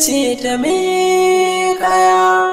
ce ta me kaya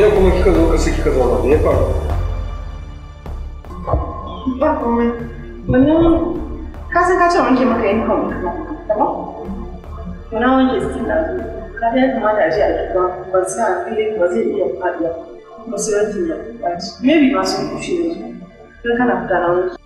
me kuma kika zo kasa kika zauna me ya faru ba komai wannan ka san ka ce wanke maka yin kan wanka ba to na wanke skin na ka ta a kamata a je a duba ban san a fili ba zai iya faɗiya ba su rantin ya ɓaci maybe ma sun ne don fita na wanke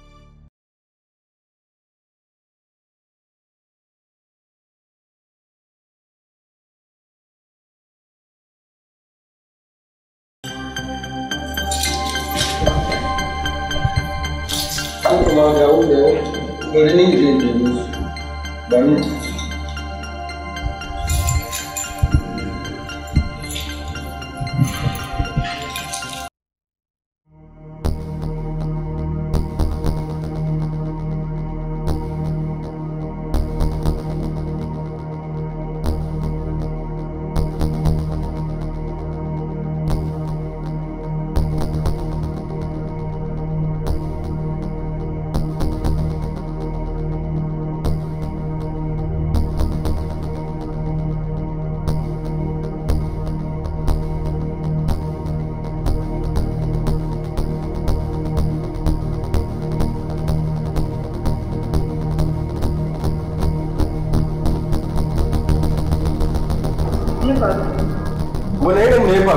wani irin ne ba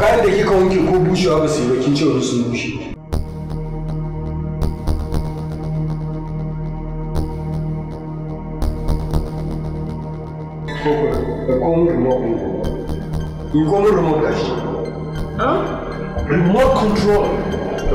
kayan da kika wanke ko ve ba su yi ba kin ce wani remote control. E remote action? Ha? Remote control. É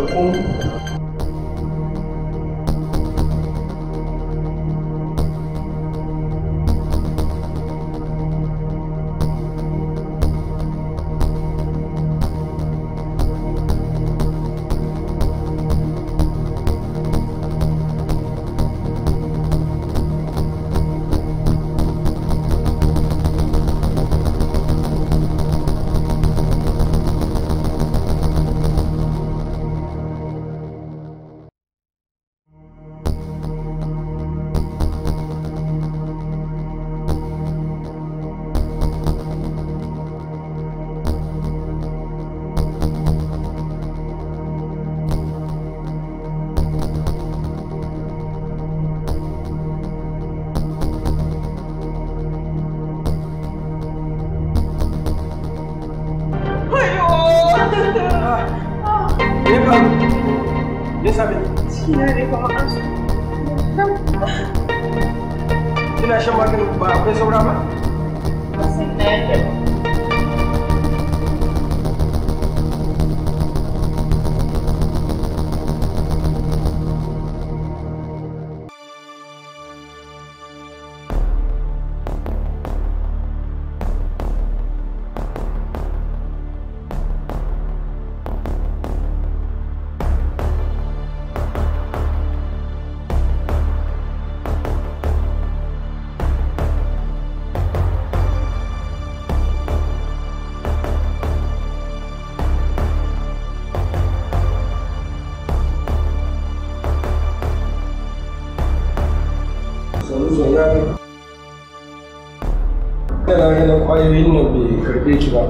nauyin nan bai karbe ki ba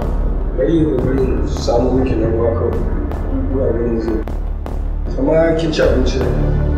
bari yi kokarin samu miki na ruwa kawai zuwa ganin zai amma kin ci abinci ne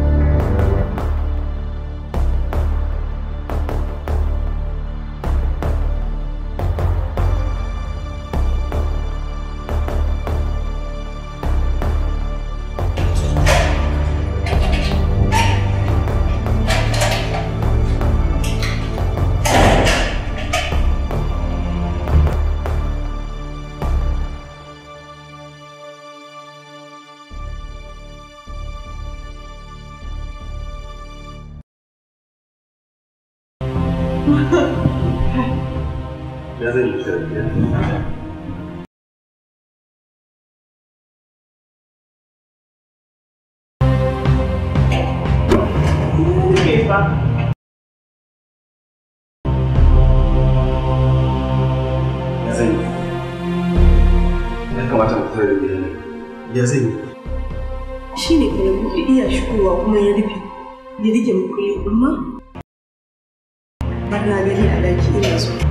ba ya zan yi ya kamata mu da gidan nan ya zan yi shi ne kuma kuɗi iya shigowa kuma ya rufe ya rike mu amma ba na a daki ina so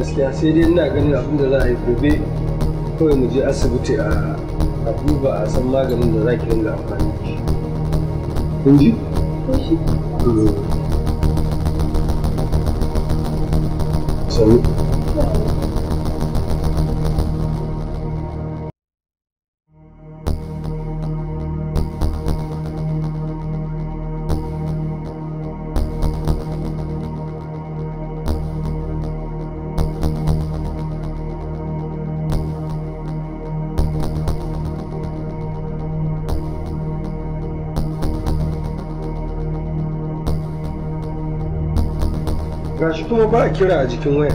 gaskiya sai dai ina ganin abin da za a yi gobe kawai mu je asibiti a duba a san maganin da za ki dinga amfani da shi. Kun ji? Kun ji. gashi kuma ba aqui kira a jikin waya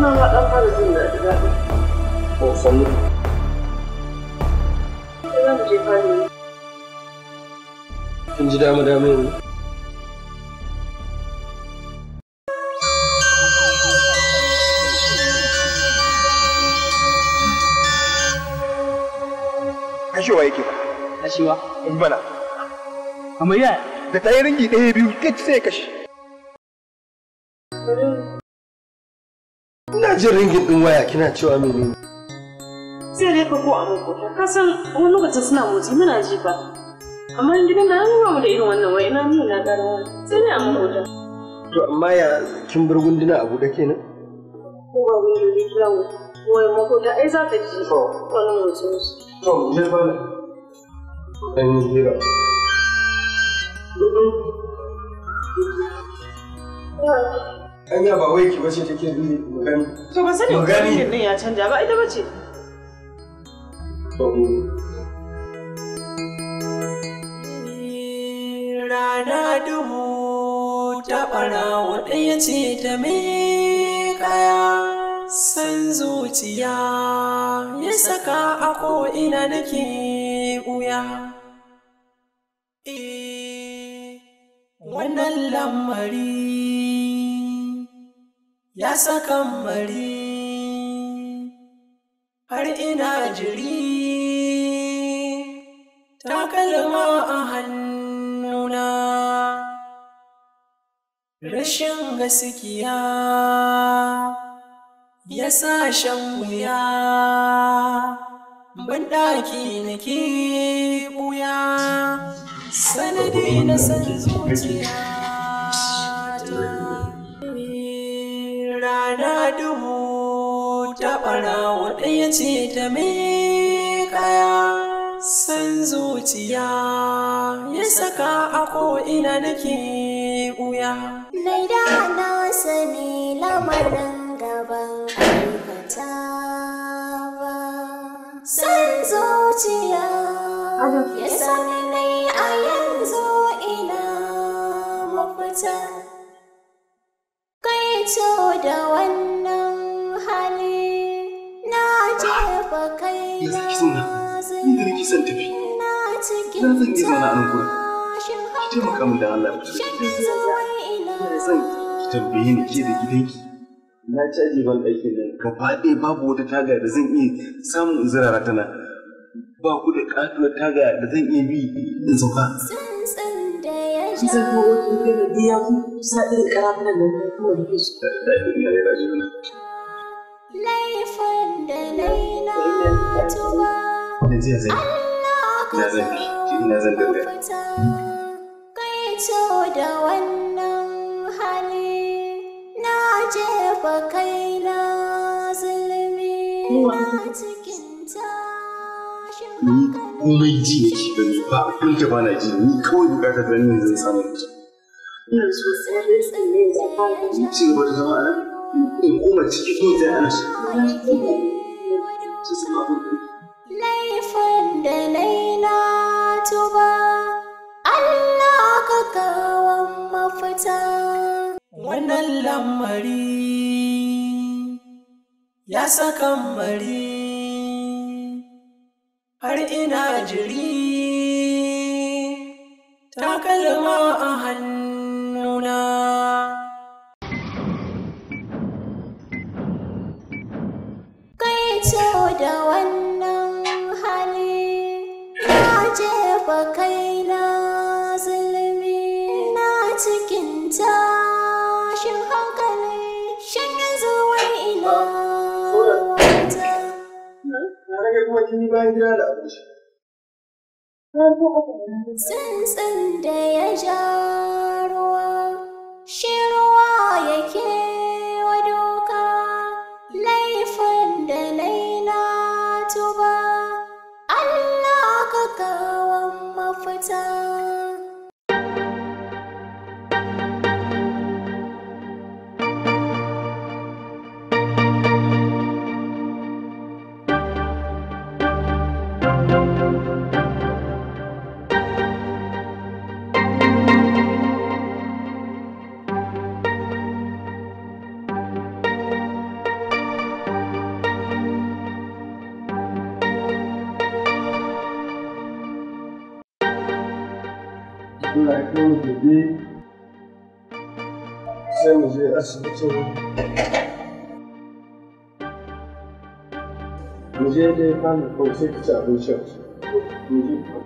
ma ɗan fara jin daɗi daɗi. Ko sannu. za mu je fari. Kin ji dama dama ne. Kashewa yake Kashewa? Bana. Kamar yaya? Da tayi ringi ɗaya biyu, kai sai ya kashe. Ina jin ringin ɗin waya kina cewa mene ne? Sai dai ka ko a muku ka san wani lokacin suna motsi muna ji ba. Amma gidan nan ba mu da irin wannan waya ina nuna na ƙara sai dai a da. To amma ya kin bar gunduna a buɗe kenan? Ko ba mu yi kira mu, wai da ai za ta ji wannan motsi. To je ba ne. Dan jira. Thank you. Anya ba wai ki bace take mu magana. To ba sani ko ya canja ba ita bace. Rana duhu ta fara ɗaya ce ta me kaya. San zuciya ya saka a ko'ina nake ɓuya. Eh, wannan lamari ya saka mari har ina jiri takalma a hannuna rashin gaskiya ya sa shan wuya banɗaki na ke ɓuya sanadi na san zuciya ɓarawo ɗaya ce da me kaya san zuciya ya saka a ko'ina nake ɓuya. Mai da na sani lamarin gaban aikata ba san zuciya ya sani ne a yanzu ina mafita. Kai da wannan tafi ina zan iya zauna a nan gurin ki taimaka mu da Allah ku ina ki tambaye ni ke da gidanki na caji ban aikin nan gaba ɗaya babu wata taga da zan iya samun zirara ba ku da ƙatuwar taga da zan iya bi in sauka da kuma da ke da laifin da na tuba ina zan bi zan da wannan hali na jefa kaina zulmi na cikin tashin ji da ni ba ji ni kawai da ni zan kuma laifin da laifin wannan lamari ya sakan mari har ina jiri takalma a hannuna bayan gida da abinci. ya ja ruwa, shi ruwa yake. kai gobe sai mu je asibitin mu je dai kwanu kawai sai abincin mu je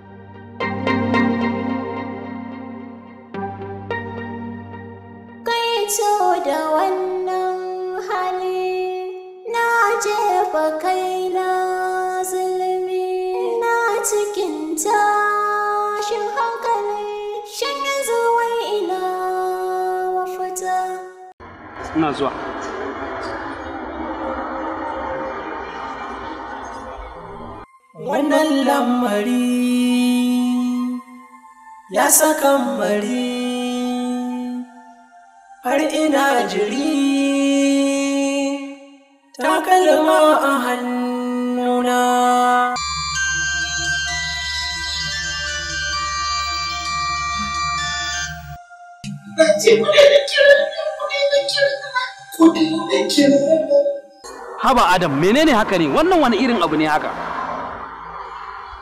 ina zuwa wannan lamari ya saka mari har ina jiri takalma a hannuna ce kuɗi da kiran kuɗi da kiran haba adam menene haka ne wannan wani irin abu ne haka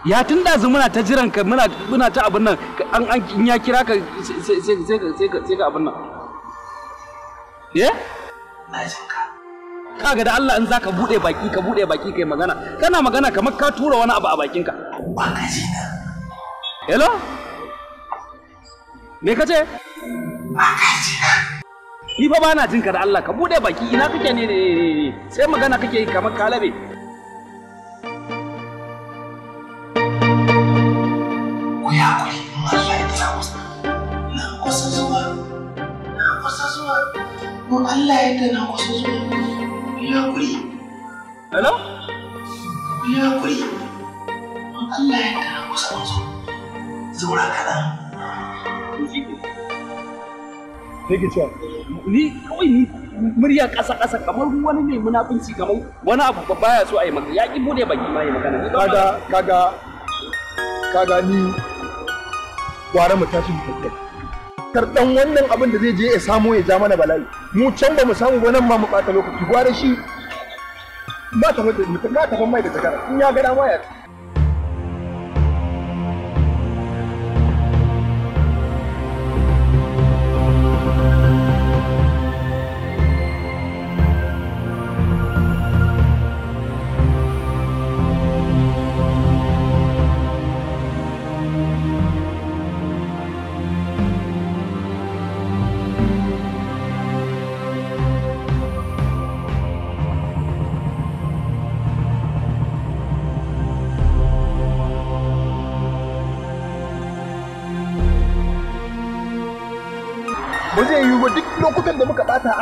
ya tun ɗazu muna ta jiran ka muna ta abin nan an an ya kira ka sai ka abin nan ye eh? ka ga da Allah in zaka bude baki ka bude baki kai magana kana magana kamar ka tura wani abu a bakin ka ba ka ji na hello me ka ce ba ka ji na Ni fa bana jin ka da Allah ka bude baki ina kake ne ne sai magana kake yi kamar kalabe. Ku ya hakuri in Allah ya tara musu. Na kusa zuwa. Na kusa zuwa. Mu Allah ya tara na kusa zuwa. Ku ya hakuri. Hello? Ku ya hakuri. Mu Allah ya tara kusa zuwa. Zaura kaɗan. Ku ji take cewa ni kawai ni murya ƙasa ƙasa kamar wani ne munafunci kamar wani abu ba ya so a yi magana ya ki bude baki ma yi magana kaga kaga kaga ni gwara mu tashi mu tafi karɗan wannan abin da zai je ya samu ya ja mana bala'i mu can ba mu samu ba nan ma mu ɓata lokaci gwara shi ba ta mutu ba ta mai da takara in ya gada dama ya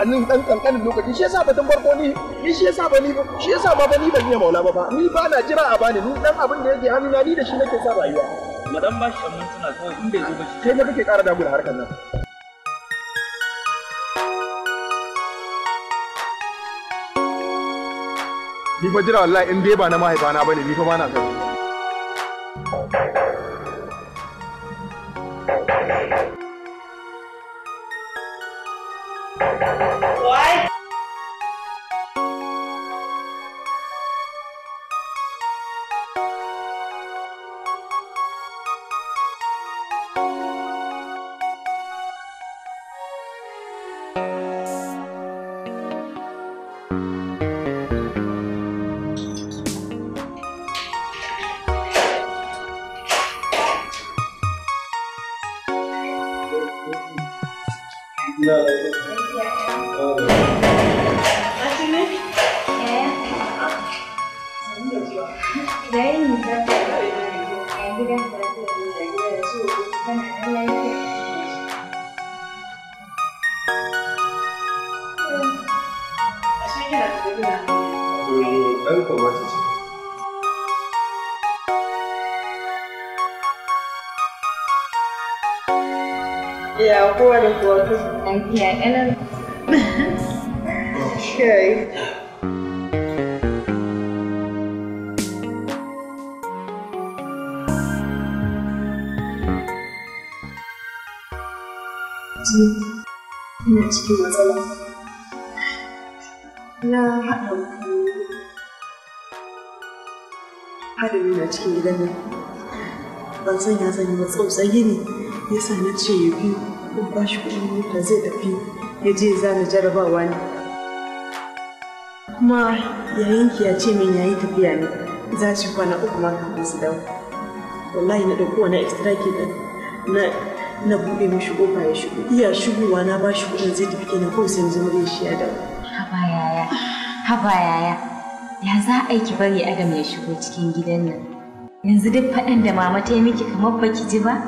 a nan dan kankanin lokaci shi yasa batun farko ni ni shi yasa ba ni ba shi yasa ba ni ban iya maula ba ni ba na jira a bani ni ɗan abin da yake hannuna ni da shi nake sa rayuwa mu dan bashi dan mintuna kawai inda bai zo ba shi kai ne kake ƙara damu da harkar nan ni fa jira wallahi in dai ba na mahaifana bane ni fa ba na kai Yeah, boy, the And then, okay. cikin matsala na haɗa ku hadari na cikin gidan nan ban san ya zan yi ba tsautsayi ne yasa na ce ya biyu ko ba shi kuɗin mota zai tafi ya je zana jarabawa ne kuma yayinki ya ce min yayi tafiya ne za shi kwana uku ma kafin su dawo wallahi na ɗauko wani extra ke na na buɗe mishi ƙofa ya shigo iya shigowa na ba shi kuɗin zai tafi kenan kawai sai zama zai shi adam haba yaya haba yaya ya za a yi ki bari adam ya shigo cikin gidan nan yanzu duk faɗan da mama ta yi miki kamar baki ji ba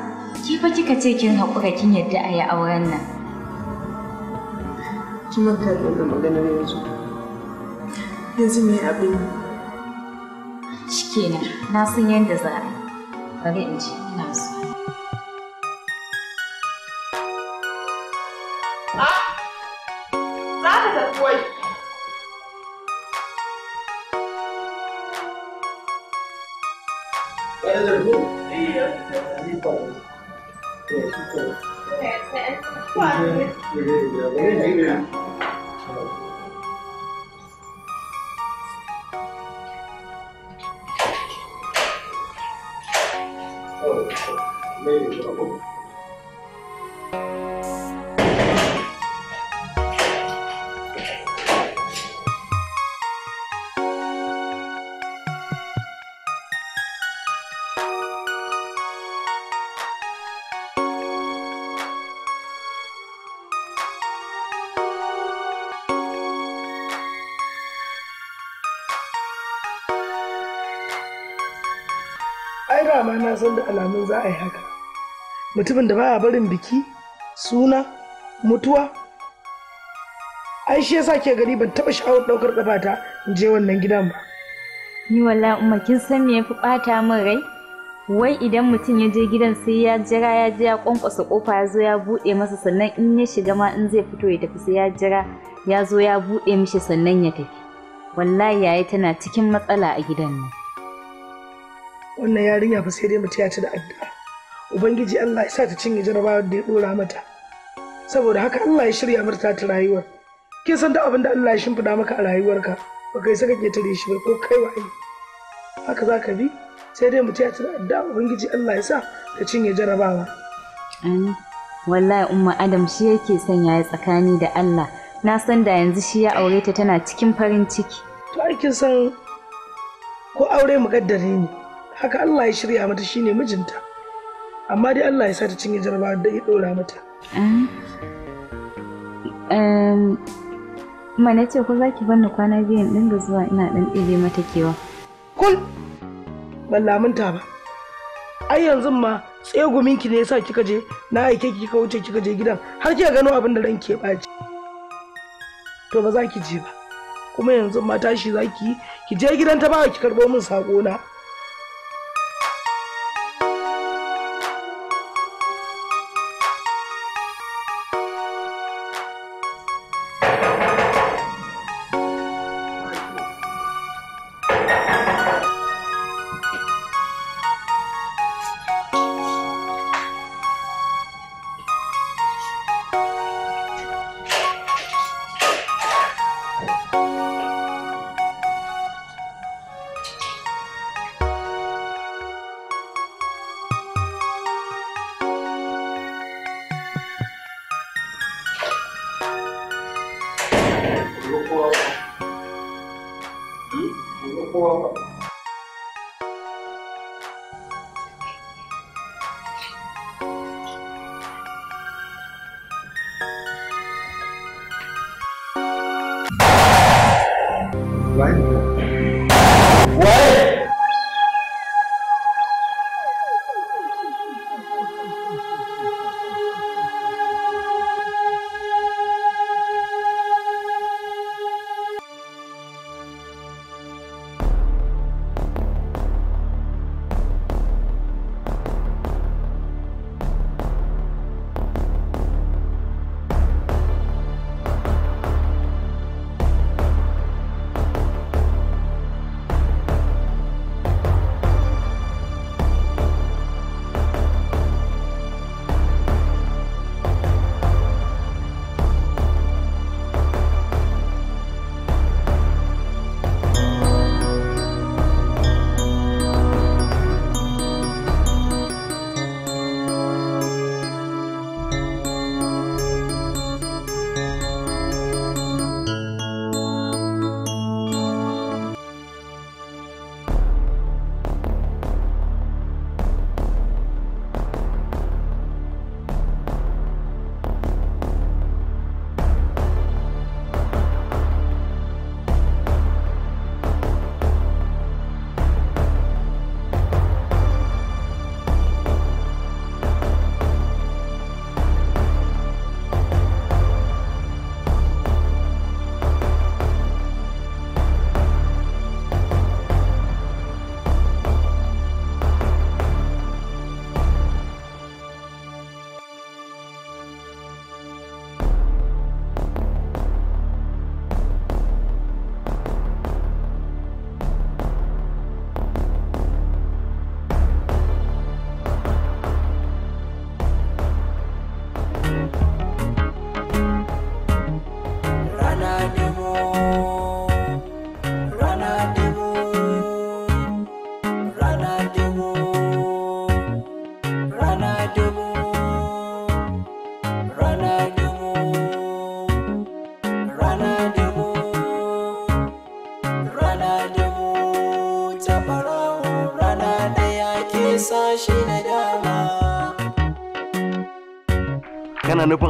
ki fa kika ce kin haƙura kin yadda a yi auren nan ki manta da maganar yanzu yanzu ne abin shikenan na san yadda za a yi bari in ce ina so dama na san da alamun za a yi haka mutumin da baya barin biki suna mutuwa ai shi yasa ke gani ban taba sha'awar daukar kafata in je wannan gidan ba ni wala umma kin san me yafi bata min rai wai idan mutum ya je gidan sai ya jira ya je ya kwankwasa kofa ya zo ya bude masa sannan in ya shiga ma in zai fito ya tafi sai ya jira ya zo ya bude mishi sannan ya tafi wallahi yayi tana cikin matsala a gidan nan wannan yarinya fa sai dai mu taya ta da addu'a ubangiji Allah ya sa ta cinye jarabawar da ya dora mata saboda haka Allah ya shirya mata ta rayuwa kin san da abin da Allah ya shimfida maka a rayuwarka ba kai saka ke tare shi ba ko kai wa ai haka zaka bi sai dai mu taya ta da addu'a ubangiji Allah ya sa ta cinye jarabawa amin wallahi umma adam shi yake sanya ya tsakani da Allah na san da yanzu shi ya aure ta tana cikin farin ciki to aikin san ko aure mu gaddare ne haka Allah ya shirya mata shine mijinta amma dai Allah ya sa ta cinye jarba da ya dora mata kuma ah. na ce ko za ki kwana biyan ɗin da zuwa ina dan ɗebe mata kewa kul ban lamunta ba ai yanzu ma tseguminki ne yasa kika je na aike ki kika wuce kika je gidan har kika gano abin da ran ke ɓaci to ba za ki je ba kuma yanzu ma tashi za ki ki je gidan ta ba ki karɓo min sako na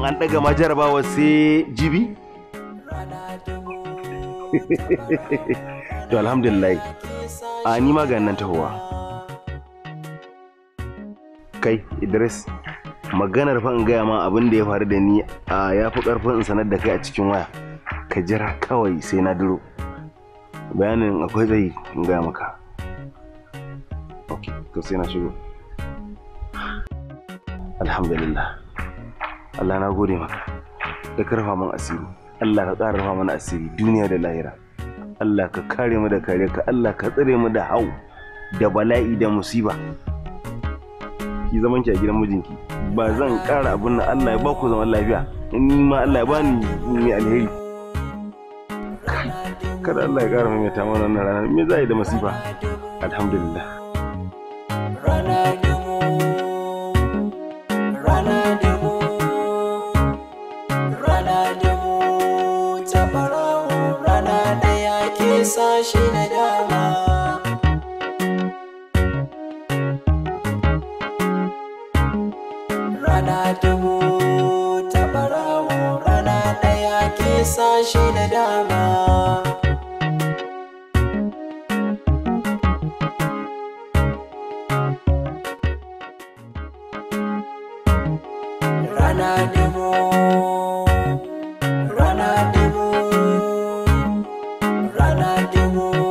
an ɗaga ma jarabawa sai jibi? to alhamdulillah a ni ma ga nan tahowa kai idris maganar fa in gaya ma abin da ya faru da ni a ya fi karfin in sanar da kai a cikin waya ka jira kawai sai na duro bayanin akwai tsayi in gaya maka ok to sai na shigo alhamdulillah Allah na gode maka da karfa mun asiri Allah ka ƙara rufa mana asiri duniya da lahira Allah ka kare mu da kare ka Allah ka tsare mu da hau da bala'i da musiba ki zaman ki a gidan mijinki ba zan ƙara abin nan Allah ya ba ku zaman lafiya ni ma Allah ya bani ni alheri kada Allah ya ƙara maimaita mana wannan ranar me za yi da masifa alhamdulillah I do.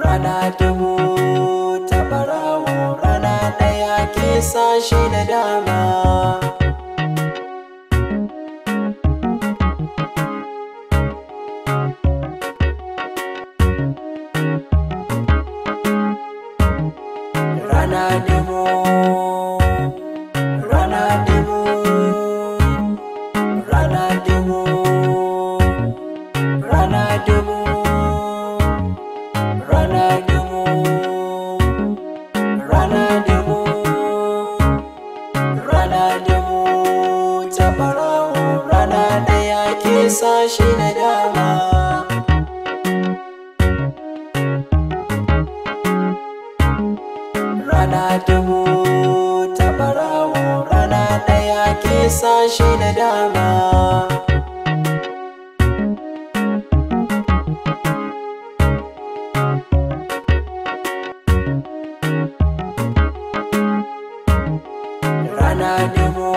rana dubu ta ɓarawo, rana ɗaya ke sashi da dama na demo